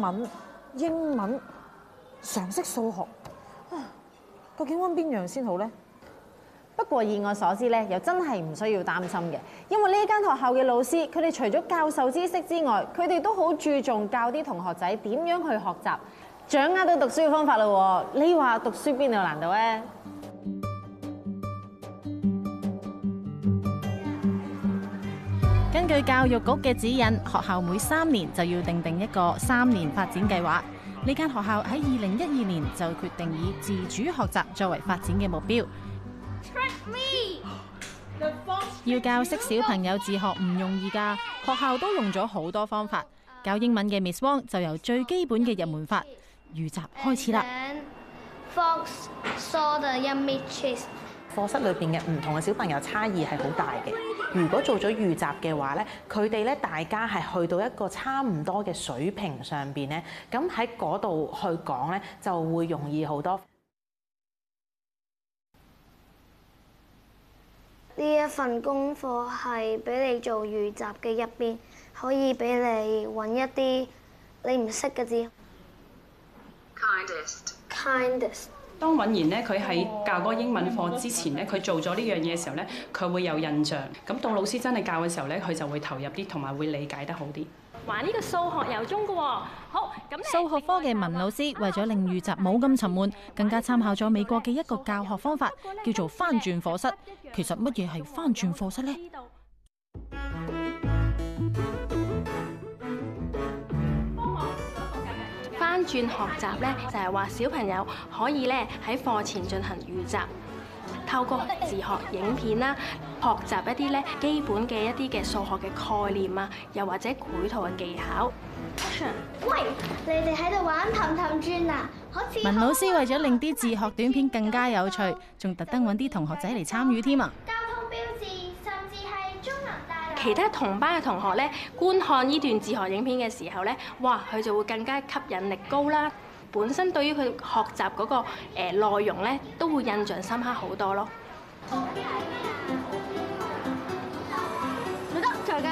文、英文、常識、數學，究竟揾邊樣先好呢？不過以我所知咧，又真係唔需要擔心嘅，因為呢間學校嘅老師，佢哋除咗教授知識之外，佢哋都好注重教啲同學仔點樣去學習，掌握到讀書嘅方法嘞喎！你話讀書邊度難度呢？根據教育局嘅指引，學校每三年就要訂定一個三年發展計劃。呢間學校喺二零一二年就決定以自主學習作為發展嘅目標。Me. 要教識小朋友自學唔容易㗎，學校都用咗好多方法。教英文嘅 Miss Wong 就由最基本嘅入門法預習開始啦。Then, Fox saw the yummy cheese。課室裏邊嘅唔同嘅小朋友差異係好大嘅。如果做咗預習嘅話咧，佢哋咧大家係去到一個差唔多嘅水平上邊咧，咁喺嗰度去講咧就會容易好多。呢一份功課係俾你做預習嘅一邊，可以俾你揾一啲你唔識嘅字。Kindest, kindest. 當允然咧，佢喺教嗰個英文課之前咧，佢做咗呢樣嘢嘅時候咧，佢會有印象。咁到老師真係教嘅時候咧，佢就會投入啲，同埋會理解得好啲。玩呢個數學由中嘅喎，數學科嘅文老師為咗令預習冇咁沉悶，更加參考咗美國嘅一個教學方法，叫做翻轉課室。其實乜嘢係翻轉課室呢？翻轉學習咧，就係話小朋友可以咧喺課前進行預習，透過自學影片啦，學習一啲咧基本嘅一啲嘅數學嘅概念啊，又或者繪圖嘅技巧。喂，你哋喺度玩氹氹轉啊？好似文老師為咗令啲自學短片更加有趣，仲特登搵啲同學仔嚟參與添啊！其他同班嘅同學咧，觀看呢段自學影片嘅時候咧，哇，佢就會更加吸引力高啦。本身對於佢學習嗰個誒內容咧，都會印象深刻好多咯。得，再嘅。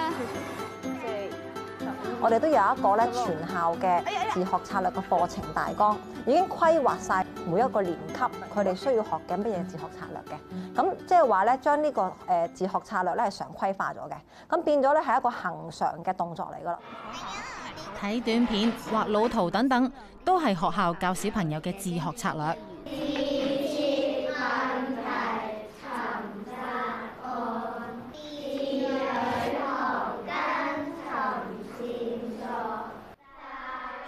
我哋都有一個咧全校嘅自學策略嘅課程大綱。已經規劃晒每一個年級佢哋需要學緊乜嘢自學策略嘅，咁即係話咧將呢將、這個誒、呃、自學策略咧係常規化咗嘅，咁變咗咧係一個恒常嘅動作嚟噶啦。睇短片、畫腦圖等等，都係學校教小朋友嘅自學策略。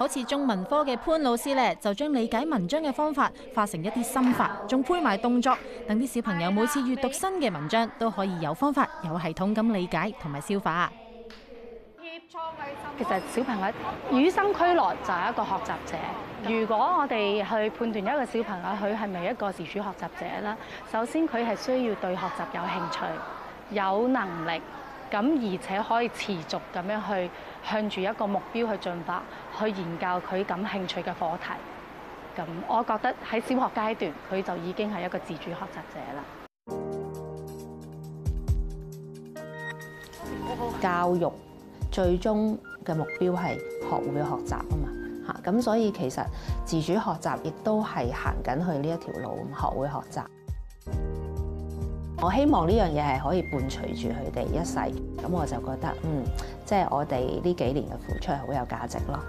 次中文科嘅潘老師咧，就將理解文章嘅方法化成一啲心法，仲配埋動作，等啲小朋友每次閱讀新嘅文章都可以有方法、有系統咁理解同埋消化。協助。其實小朋友與生俱來就係一個學習者。如果我哋去判斷一個小朋友佢係咪一個自主學習者啦？首先佢係需要對學習有興趣，有能力。咁而且可以持續咁樣去向住一個目標去進發，去研究佢感興趣嘅課題。咁我覺得喺小學階段，佢就已經係一個自主學習者啦。教育最終嘅目標係學會學習啊嘛，嚇！咁所以其實自主學習亦都係行緊去呢一條路，學會學習。我希望呢樣嘢係可以伴隨住佢哋一世，咁我就覺得，嗯，即係我哋呢幾年嘅付出係好有價值咯。